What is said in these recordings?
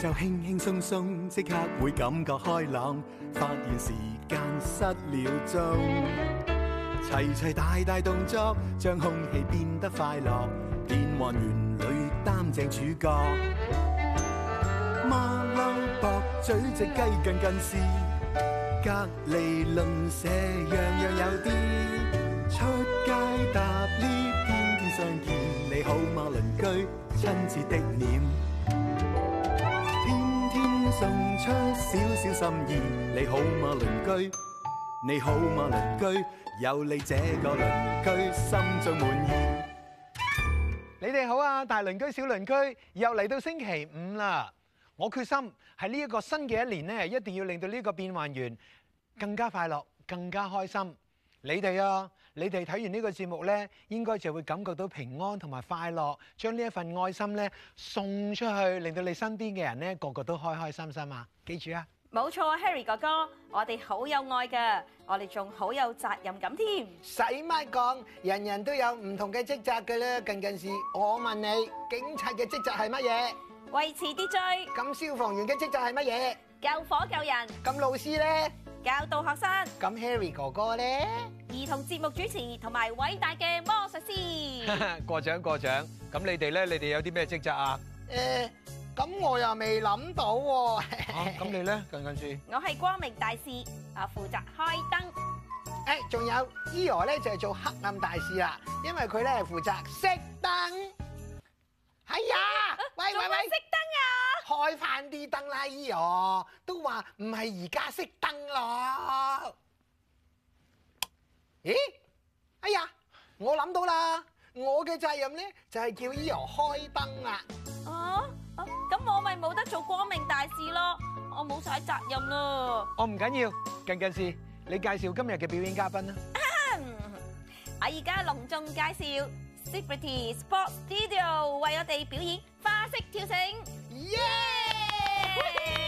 就輕輕鬆鬆，即刻會感覺開朗，發現時間失了蹤。齊齊大大動作，將空氣變得快樂，變幻園裏擔正主角。馬騮駁嘴隻雞近近視隔籬鄰舍樣樣有啲。出街搭 lift 天天相見，你好嗎鄰居親切的臉。送出少少心意，你好嗎，鄰居？你好嗎，鄰居？有你這個鄰居，心最滿意。你哋好啊，大鄰居、小鄰居，又嚟到星期五啦！我決心喺呢一個新嘅一年呢，一定要令到呢個變幻園更加快樂，更加開心。你哋啊，你哋睇完呢個節目咧，應該就會感覺到平安同埋快樂，將呢一份愛心咧，送出去，令到你身邊嘅人咧個個都開開心心啊！記住啊，冇錯，Harry 哥哥，我哋好有愛噶，我哋仲好有責任感添。使乜講？人人都有唔同嘅職責噶啦。近近時我問你，警察嘅職責係乜嘢？維持秩序。咁消防員嘅職責係乜嘢？救火救人。咁老師咧？教導學生。咁 Harry 哥哥咧？兒童節目主持同埋偉大嘅魔術師，過獎過獎。咁你哋咧，你哋有啲咩職責啊？誒，咁我又未諗到。咁你咧，根根樹？我係光明大使，我負責開燈。誒，仲有伊羅咧就係做黑暗大使啦，因為佢咧係負責熄燈。係啊，喂喂喂，熄燈啊！開翻啲燈啦，伊羅都話唔係而家熄燈咯。咦，哎呀，我諗到啦，我嘅責任咧就係、是、叫 Eo 開燈啊！哦、啊，咁我咪冇得做光明大使咯，我冇晒責任囉。我唔緊要，近近事，你介紹今日嘅表演嘉賓啦。 我而家隆重介紹 Secret Sports Studio 為我哋表演花式跳繩。Yeah!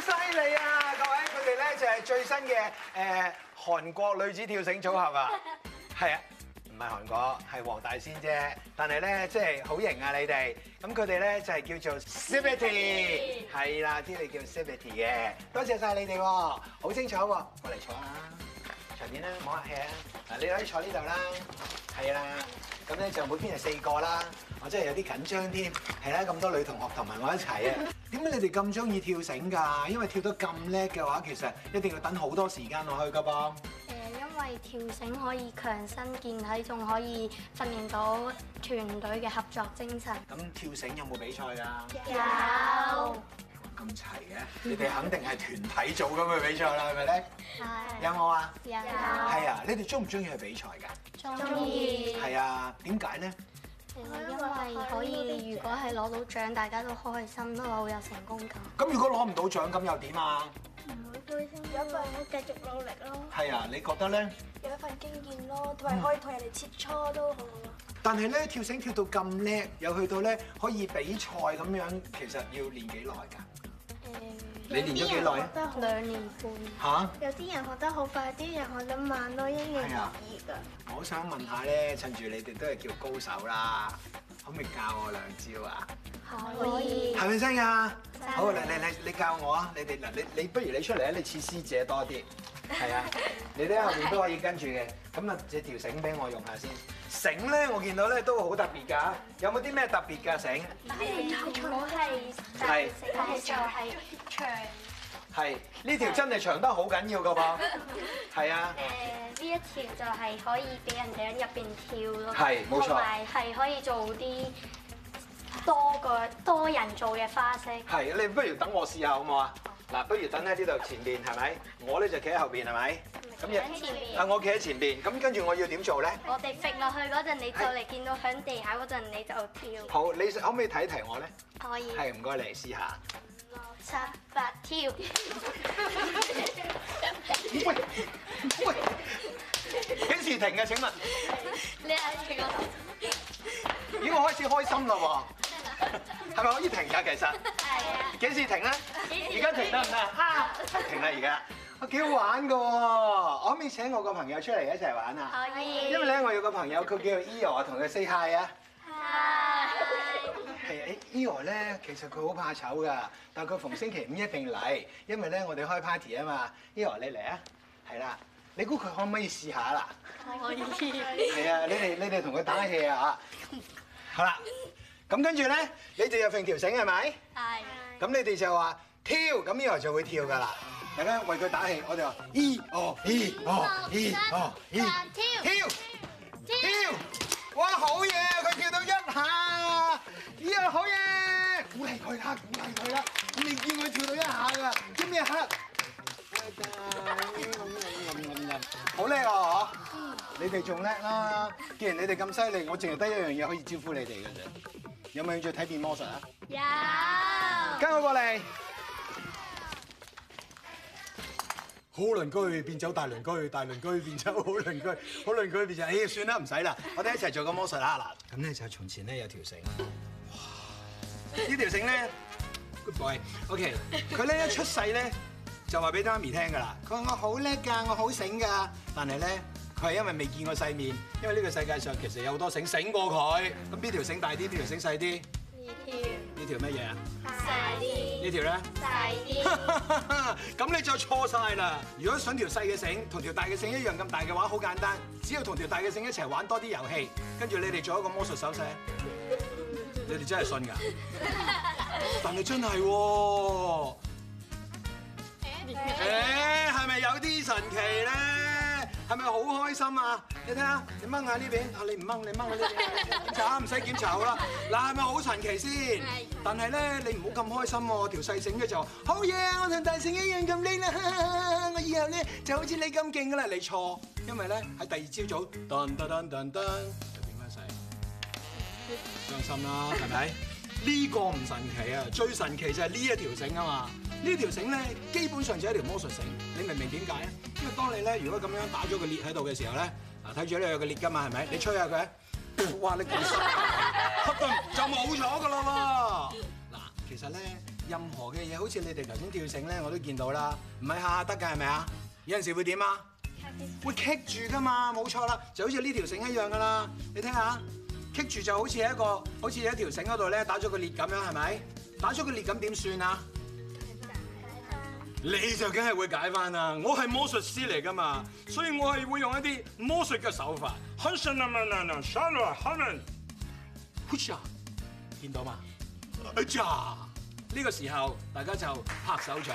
犀利啊！各位，佢哋咧就係最新嘅誒韓國女子跳繩組合啊！係 啊，唔係韓國，係黃大仙啫。但係咧，即係好型啊！你哋咁佢哋咧就係叫做 Sivety，y 係啦，知你叫 Sivety y 嘅。多謝晒你哋喎，好清楚喎！我嚟坐啊。入面啦，玩下戲啦。嗱，你可以坐呢度啦。係啦，咁咧就每邊係四個啦。我真係有啲緊張添。係啦，咁多女同學同埋我一齊啊。點解你哋咁中意跳繩㗎？因為跳得咁叻嘅話，其實一定要等好多時間落去噶噃。誒，因為跳繩可以強身健體，仲可以訓練到團隊嘅合作精神。咁跳繩有冇比賽㗎？有。咁齊嘅，你哋肯定係團體組咁去比賽啦，係咪咧？係。有冇啊？有。係啊，你哋鍾唔鍾意去比賽㗎？鍾意。係啊，點解咧？因為可以，如果係攞到獎，大家都開心，都會有成功感。咁如果攞唔到獎，咁又點啊？有份繼續努力咯。係啊，你覺得咧？有一份經驗咯，同埋可以同人哋切磋都好。但係咧，跳繩跳到咁叻，又去到咧可以比賽咁樣，其實要練幾耐㗎？你練咗幾耐？得兩年半。吓？有啲人學得好快，啲人，人學得慢咯，因人而異噶我想問下咧，趁住你哋都係叫高手啦，可唔可以教我兩招啊？可以。係咪聲啊！好，你你教我你你你你你啊！你哋，你你不如你出嚟啊！你似師姐多啲。係啊，你啲後面都可以跟住嘅。咁啊，借條繩俾我用下先。繩咧，我見到咧都好特別㗎。有冇啲咩特別㗎？繩？誒，我係，係，但係就係長。係，呢條真係長得好緊要㗎噃。係啊。誒，呢一條就係可以俾人哋喺入邊跳咯。係，冇錯。同埋係可以做啲多個多人做嘅花式。係，你不如等我試下好唔好啊？嗱，不如等喺呢度前面，係咪？我咧就企喺後邊，係咪？咁樣，係我企喺前邊。咁跟住我要點做咧？我哋揈落去嗰陣，你就嚟見到響地下嗰陣，你就跳。好，你可唔可以提提我咧？可以是。係，唔該你，試下。七八跳。喂喂，幾時停呀？請問？你係邊個？已經開始開心啦喎！係咪可以停噶？其實，係啊，幾時停咧？而家停得唔得？停啦！而家啊，幾好玩噶喎！我可唔可以請我個朋友出嚟一齊玩啊？可以。因為咧，我有個朋友，佢叫 Eo，同佢 say hi 啊。係啊，Eo 咧，其實佢好怕醜噶，但佢逢星期五一定嚟，因為咧我哋開 party 啊嘛。Eo 你嚟啊？係啦，你估佢可唔可以試下啦？可以。係啊，你哋你哋同佢打氣啊！嚇，好啦。咁跟住咧，你哋有條繩係咪？係。咁你哋就話跳，咁呢度就會跳噶啦。大家為佢打氣，我哋話咦哦咦哦咦哦咦哦跳跳跳！哇好嘢，佢跳到一下，依啊好嘢，鼓勵佢啦，鼓勵佢啦。你見佢跳到一下㗎，喺咩黑？好叻哦！嗬，你哋仲叻啦。既然你哋咁犀利，我淨係得一樣嘢可以招呼你哋㗎啫。有冇興趣睇變魔術啊？有，跟我過嚟。好鄰居變走大鄰居，大鄰居變走好鄰居，好鄰居變咗。咦，算啦，唔使啦，我哋一齊做個魔術啦。嗱，咁咧就係從前咧有條繩，呢條繩咧，good boy，ok，佢咧一出世咧就話俾媽咪聽噶啦，佢話我好叻噶，我好醒噶，但係咧。佢係因為未見過世面，因為呢個世界上其實有好多繩，繩過佢。咁邊條繩大啲，邊條繩細啲？呢條，條，條呢條乜嘢啊？細啲，呢條咧？細啲。咁你就錯晒啦！如果想條細嘅繩同條大嘅繩一樣咁大嘅話，好簡單，只要同條大嘅繩一齊玩多啲遊戲，跟住你哋做一個魔術手勢， 你哋真係信㗎？ 但係真係喎。誒係咪有啲神奇咧？係咪好開心啊？你睇下，你掹下呢邊，啊你唔掹，你掹下呢邊，你檢查唔使檢查啦。嗱，係咪好神奇先？係。但係咧，你唔好咁開心喎，啊，條細繩嘅就，好嘢！我同大聖一樣咁拎啦，我以後咧就好似你咁勁噶啦。你錯，因為咧喺第二朝早，噔噔噔噔噔，就變翻細，傷心啦，係咪？ 呢個唔神奇啊，最神奇就係呢一條繩啊嘛，呢條繩咧基本上就係一條魔術繩，你明唔明點解啊？因為當你咧如果咁樣打咗個裂喺度嘅時候咧，睇住呢度有個裂噶嘛，係咪？你吹下佢，哇！你咁深， 就冇咗噶啦喎。嗱，其實咧任何嘅嘢，好似你哋頭先跳繩咧，我都見到啦，唔係下下得㗎係咪啊？有陣時會點啊？會棘住㗎嘛，冇錯啦，就好似呢條繩一樣㗎啦，你聽下。棘住就好似係一個，好似一條繩嗰度咧打咗個裂咁樣，係咪？打咗個裂咁點算啊？解翻。你就梗係會解翻啊。我係魔術師嚟噶嘛，所以我係會用一啲魔術嘅手法。嗯，見到嘛？嗯，呢個時候大家就拍手掌。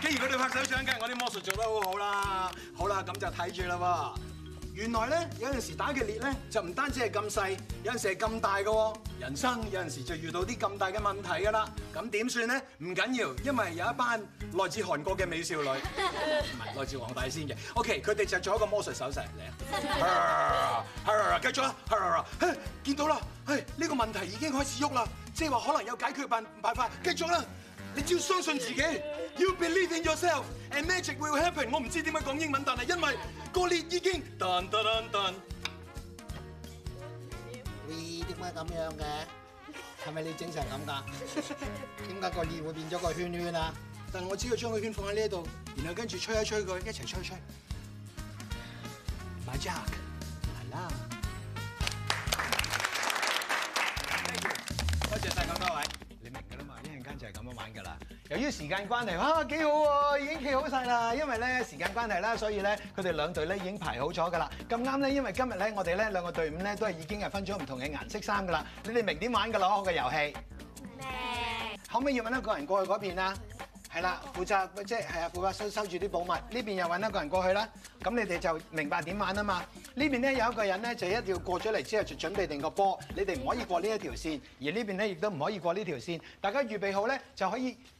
既然佢哋拍手掌梗係我啲魔術做得好好啦。好啦，咁就睇住啦喎。原來咧有陣時候打嘅裂咧就唔單止係咁細，有陣時係咁大嘅喎。人生有陣時候就遇到啲咁大嘅問題㗎啦，咁點算咧？唔緊要，因為有一班來自韓國嘅美少女，唔係來自黃大仙嘅。OK，佢哋著咗一個魔術手勢嚟啊！係啦、啊，繼續啦、啊，見、啊、到啦，係、哎、呢個問題已經開始喐啦，即係話可能有解決辦辦法。繼續啦、啊。你只要相信自己，You believe in yourself，and magic will happen。我唔知點解講英文，但係因為個裂已經。噔噔噔噔。喂，點解咁樣嘅？係咪你正常咁噶？點解個裂會變咗個圈圈啊？但係我只要將個圈放喺呢度，然後跟住吹一吹佢，一齊吹吹。My Jack，嚟啦！由於時間關係，哇幾好喎！已經企好晒啦。因為咧時間關係啦，所以咧佢哋兩隊咧已經排好咗㗎啦。咁啱咧，因為今日咧我哋咧兩個隊伍咧都係已經係分咗唔同嘅顏色衫㗎啦。你哋明點玩㗎咯？個遊戲咩？後尾要搵一個人過去嗰邊啊！係啦，負責即係係啊，負責收收住啲寶物。呢邊又搵一個人過去啦。咁你哋就明白點玩啊嘛？呢邊咧有一個人咧就一定要過咗嚟之後就準備定個波。你哋唔可以過呢一條線，而呢邊咧亦都唔可以過呢條線。大家預備好咧就可以，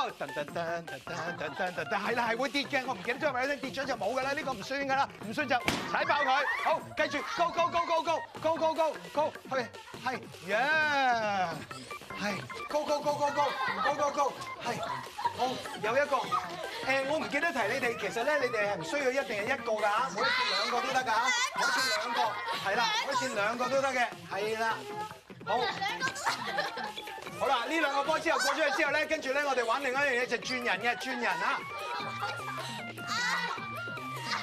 噔噔噔噔噔噔噔，係啦，係會跌嘅，我唔記得咗係咪有聲跌咗就冇噶啦，呢個唔算噶啦，唔算就踩爆佢。好，繼續，go go go go go go go go，係係，yeah，係，go go go go go go go，係，好，有一個，誒，我唔記得提你哋，其實咧你哋係唔需要一定係一個噶，可以兩個都得噶，好似兩個，係啦，好似兩個都得嘅，係啦。好，好啦，呢兩個波之後過咗去之後咧，跟住咧我哋玩另一樣嘢就轉人嘅轉人啦。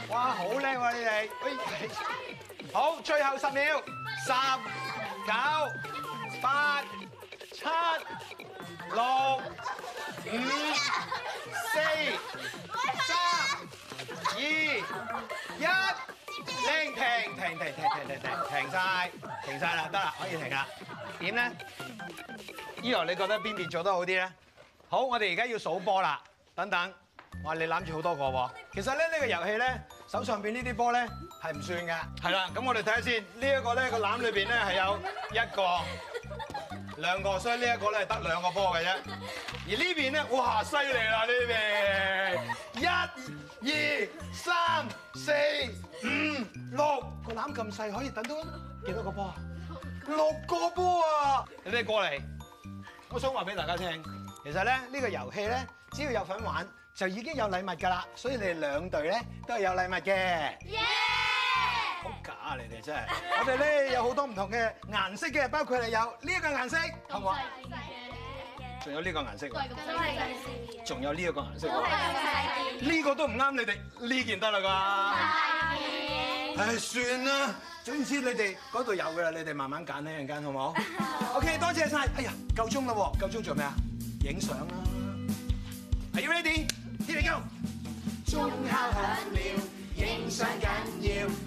哇，好靚喎你哋，哎，好，最後十秒，十、九、八、七、六、五、四。停停停停停停，停曬，停晒啦，得啦，可以停啦。點咧？Elo，你覺得邊邊做得好啲咧？好，我哋而家要數波啦。等等，我話你攬住好多個喎。其實咧，呢個遊戲咧，手上邊呢啲波咧係唔算嘅。係 啦，咁我哋睇下先。呢一個咧個攬裏邊咧係有一個。兩個，所以呢一個咧係得兩個波嘅啫。而呢邊咧，哇犀利啦呢邊！一、二、三、四、五、六，個籃咁細可以等到幾多個波啊？六個波啊！你咩過嚟？我想話俾大家聽，其實咧呢個遊戲咧，只要有份玩就已經有禮物㗎啦。所以你哋兩隊咧都係有禮物嘅。啊！你哋真係，我哋咧有好多唔同嘅顏色嘅，包括係有呢一個顏色，好唔好？仲有呢個顏色，都係咁細嘅。仲有呢一個顏色，都係咁細嘅。呢個都唔啱你哋，呢件得啦㗎。快啲！唉，算啦，總之你哋嗰度有㗎啦，你哋慢慢揀啦，陣間好唔好？OK，多謝晒。哎呀，夠鐘啦喎，夠鐘做咩啊？影相啦！Are you ready？Here we go！鐘敲響了，影相緊要。